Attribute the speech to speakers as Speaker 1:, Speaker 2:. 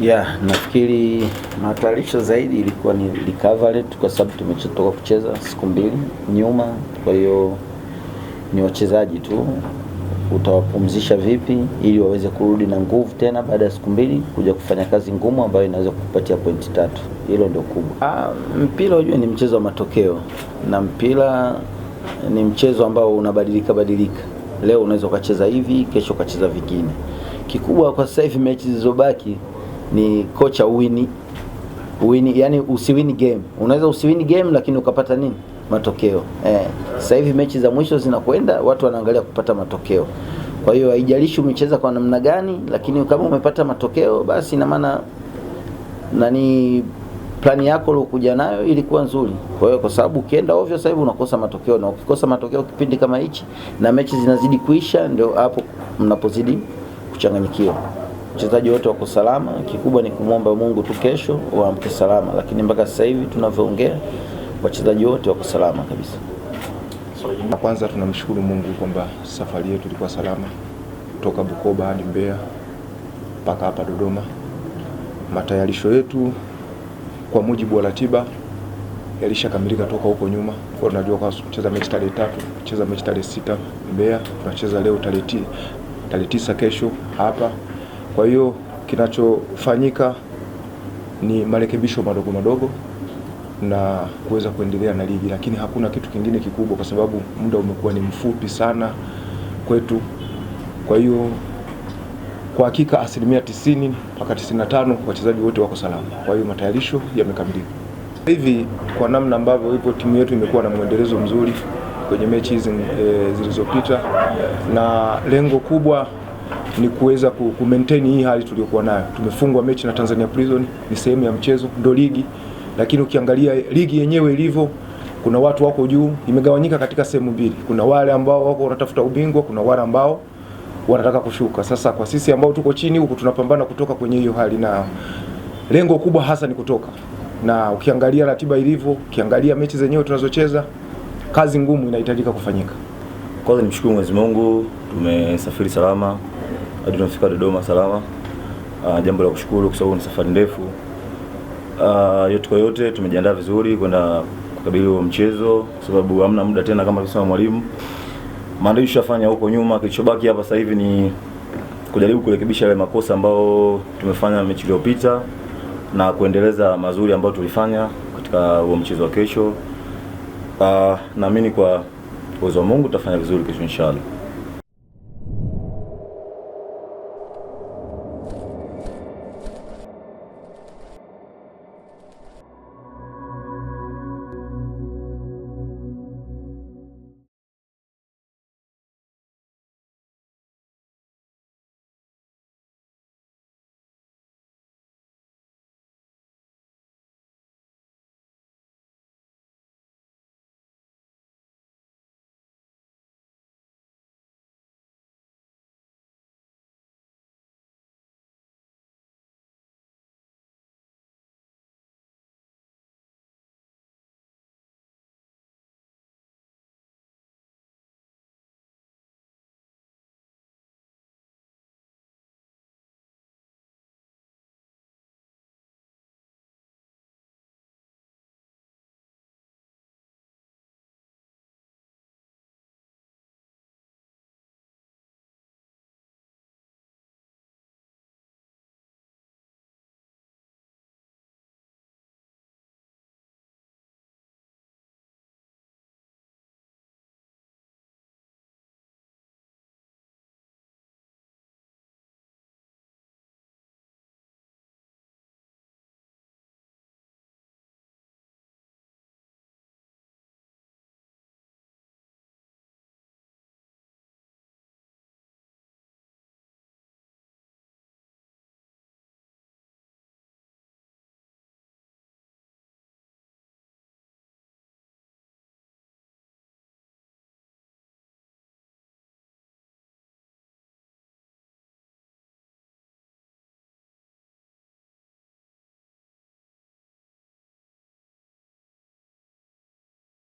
Speaker 1: Yeah, nafikiri matayarisho zaidi ilikuwa ni recovery tu, kwa sababu tumetoka kucheza siku mbili nyuma. Kwa hiyo ni wachezaji tu, utawapumzisha vipi ili waweze kurudi na nguvu tena baada ya siku mbili kuja kufanya kazi ngumu ambayo inaweza kukupatia pointi tatu. Hilo ndio kubwa. Ah, mpira unajua ni mchezo wa matokeo na mpira ni mchezo ambao unabadilika badilika. Leo unaweza ukacheza hivi, kesho ukacheza vingine. Kikubwa kwa sasa hivi mechi zilizobaki ni kocha uwini, uwini, yani usiwini game. Unaweza usiwini game lakini ukapata nini matokeo eh. Sasa hivi mechi za mwisho zinakwenda, watu wanaangalia kupata matokeo. Kwa hiyo haijalishi umecheza kwa namna gani, lakini kama umepata matokeo basi ina maana nani plani yako uliokuja nayo ilikuwa nzuri. Kwa hiyo kwa sababu ukienda ovyo sasa hivi unakosa matokeo, na ukikosa matokeo kipindi kama hichi na mechi zinazidi kuisha, ndio hapo mnapozidi kuchanganyikiwa wachezaji wote wako salama. Kikubwa ni kumwomba Mungu tu kesho waamke salama, lakini mpaka sasa hivi tunavyoongea wachezaji wote wako salama kabisa.
Speaker 2: Kwanza tunamshukuru Mungu kwamba safari yetu ilikuwa salama kutoka Bukoba hadi Mbeya mpaka hapa Dodoma. Matayarisho yetu kwa mujibu wa ratiba yalishakamilika toka huko nyuma. Kwa tunajua kwa kucheza mechi tarehe tatu, kucheza mechi tarehe sita Mbeya, tunacheza leo tarehe tisa kesho hapa kwa hiyo kinachofanyika ni marekebisho madogo madogo na kuweza kuendelea na ligi, lakini hakuna kitu kingine kikubwa, kwa sababu muda umekuwa ni mfupi sana kwetu. Kwa hiyo kwa hakika asilimia tisini mpaka 95 wachezaji wote wako salama. Kwa hiyo matayarisho yamekamilika. Hivi kwa namna ambavyo ipo timu yetu imekuwa na mwendelezo mzuri kwenye mechi hizi e, zilizopita na lengo kubwa ni kuweza ku maintain hii hali tuliyokuwa nayo. Tumefungwa mechi na Tanzania Prison, ni sehemu ya mchezo, ndo ligi. Lakini ukiangalia ligi yenyewe ilivyo, kuna watu wako juu, imegawanyika katika sehemu mbili. Kuna wale ambao wako wanatafuta ubingwa, kuna wale ambao wanataka kushuka. Sasa kwa sisi ambao tuko chini huku, tunapambana kutoka kwenye hiyo hali, na lengo kubwa hasa ni kutoka. Na ukiangalia ratiba ilivyo, ukiangalia mechi zenyewe tunazocheza, kazi ngumu inahitajika kufanyika.
Speaker 3: Kwanza nimshukuru Mwenyezi Mungu, tumesafiri salama hadi tunafika Dodoma salama. Uh, jambo la kushukuru kwa sababu ni safari ndefu. Uh, yote kwa yote tumejiandaa vizuri kwenda kukabili huo mchezo kwa sababu hamna muda tena kama alivyosema mwalimu. Maandishi tushafanya huko nyuma, kilichobaki hapa sasa hivi ni kujaribu kurekebisha yale makosa ambayo tumefanya mechi iliyopita na kuendeleza mazuri ambayo tulifanya katika huo mchezo wa kesho. Uh, naamini kwa uwezo wa Mungu tutafanya vizuri kesho inshallah.